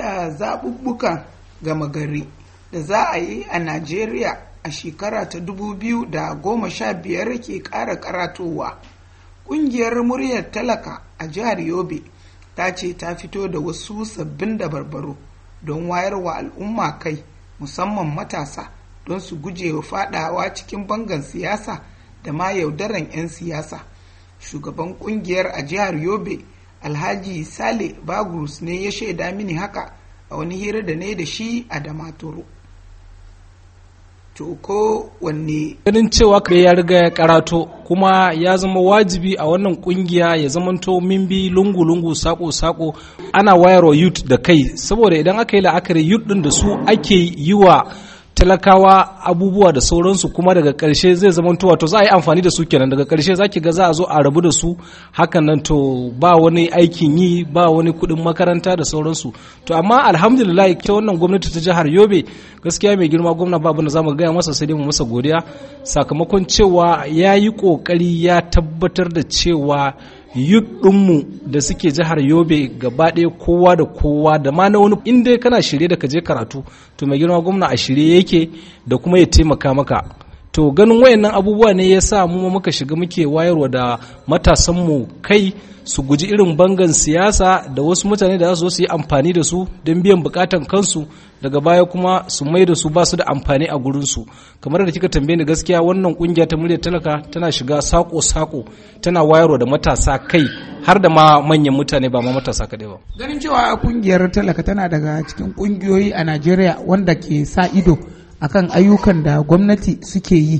da zaɓuɓɓukan gama gari da za a yi a najeriya a shekara ta 2015 ke ƙara karatowa ƙungiyar muryar talaka a jihar yobe ta ce ta fito da wasu sabbin dabarbaro don wayarwa al'umma kai musamman matasa don su guje wa fadawa cikin bangan siyasa da ma yaudaran 'yan siyasa shugaban ƙungiyar a jihar yobe alhaji sale bagrus ne ya shaida mini haka a wani hira da ne da shi a damaturu to ko wanne ganin cewa kare ya riga ya karato kuma ya zama wajibi a wannan kungiya ya zamanto mimbi lungu-lungu sako-sako ana wayarwa youth da kai saboda idan aka yi la'akari youth din da su ake yi wa talakawa abubuwa da sauransu kuma daga karshe zai zama to wato za a yi amfani da su kenan daga karshe za ki ga za a zo a rabu da su hakan nan to ba wani aikin yi ba wani kuɗin makaranta da sauransu to amma alhamdulillah ta wannan gwamnati ta jihar yobe gaskiya mai girma gwamna ba abin da za mu gaya masa sai mu masa godiya sakamakon cewa ya yi ƙoƙari ya tabbatar da cewa yut ɗinmu da suke jihar yobe gaba ɗaya kowa da kowa da ma na wani in dai kana shirye da ka je karatu to mai girma gwamna a shirye yake da kuma ya taimaka maka to ganin wayannan abubuwa ne ya sa mu muka shiga muke wayarwa da matasanmu kai su guji irin bangan siyasa da wasu mutane da za su yi amfani da su don biyan bukatan kansu daga baya kuma su mai da su ba su da amfani a gurinsu kamar da kika tambaye ni gaskiya wannan kungiya ta murya talaka tana shiga sako-sako tana wayarwa da matasa kai har da ma manyan mutane ba ma matasa kaɗai ba ganin cewa kungiyar talaka tana daga cikin kungiyoyi a najeriya wanda ke sa ido akan ayyukan da gwamnati suke yi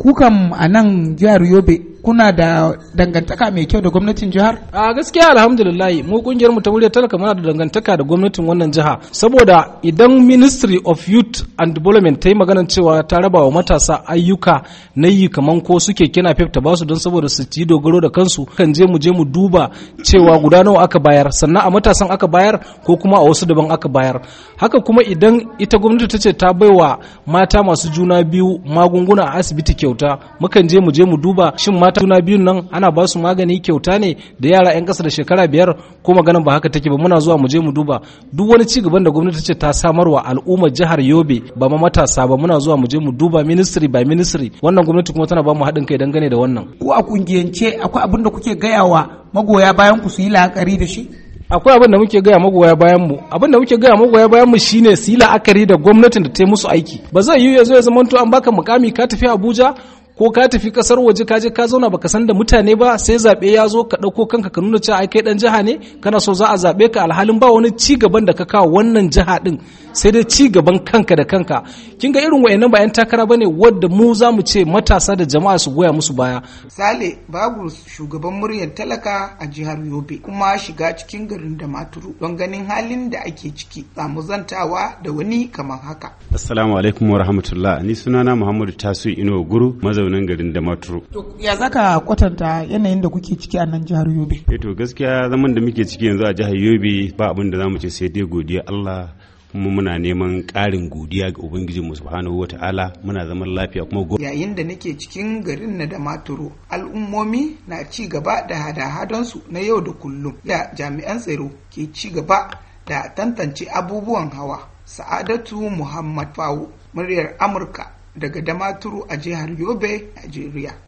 kukan a nan jihar yobe kuna da dangantaka mai kyau da gwamnatin jihar? A gaskiya alhamdulillah mu kungiyar mu ta muryar talaka muna da dangantaka da gwamnatin wannan jiha saboda idan Ministry of Youth and Development ta yi maganar cewa ta raba wa matasa ayyuka na yi kaman ko suke kina fef ta basu don saboda su ci dogaro da kansu kan je mu je mu duba cewa guda nawa aka bayar sannan a matasan aka bayar ko kuma a wasu daban aka bayar haka kuma idan ita gwamnati ta ce ta baiwa mata masu juna biyu magunguna a asibiti kyauta mukan je mu je mu duba shin mata suna biyun nan ana ba su magani kyauta ne da yara 'yan ƙasa da shekara biyar ko maganin ba haka take ba muna zuwa mu je mu duba duk wani ci gaban da gwamnati ce ta samarwa al'ummar jihar Yobe ba ma matasa ba muna zuwa mu je mu duba ministry by ministry wannan gwamnati kuma tana ba mu haɗin kai dangane da wannan ko a kungiyance akwai abin da kuke gayawa magoya bayan ku su yi la'akari da shi akwai abin da muke gaya magoya bayan mu abin da muke gaya magoya bayan mu shine su yi la'akari da gwamnatin da ta yi musu aiki ba zai yiwu ya zo ya zama an baka mukami ka tafi Abuja ko ka tafi kasar waje ka je ka zauna baka san da mutane ba sai zaɓe ya zo ka ɗauko kanka ka nuna cewa ai kai ɗan jiha ne kana so za a zaɓe ka alhalin ba wani ci gaban da ka kawo wannan jiha ɗin sai dai ci gaban kanka da kanka kin ga irin wayannan bayan 'yan takara bane wanda mu za mu ce matasa da jama'a su goya musu baya. Sale babu shugaban muryar talaka a jihar Yobe kuma shiga cikin garin da maturu don ganin halin da ake ciki samu zantawa da wani kamar haka. Assalamu alaikum wa rahmatullah ni sunana Muhammadu Tasu Ino Guru mazauni mazaunan garin Damaturu. Ya zaka kwatanta yanayin da kuke ciki a nan jihar Yobe? Eh gaskiya zaman da muke ciki yanzu a jihar Yobe ba abin da zamu ce sai dai godiya Allah kuma muna neman ƙarin godiya ga ubangiji mu subhanahu ta'ala muna zaman lafiya kuma go yayin da nake cikin garin na da maturo al'ummomi na ci gaba da hada su na yau da kullum da jami'an tsaro ke ci gaba da tantance abubuwan hawa sa'adatu muhammad fawo muryar amurka daga damaturu a jihar yobe nigeria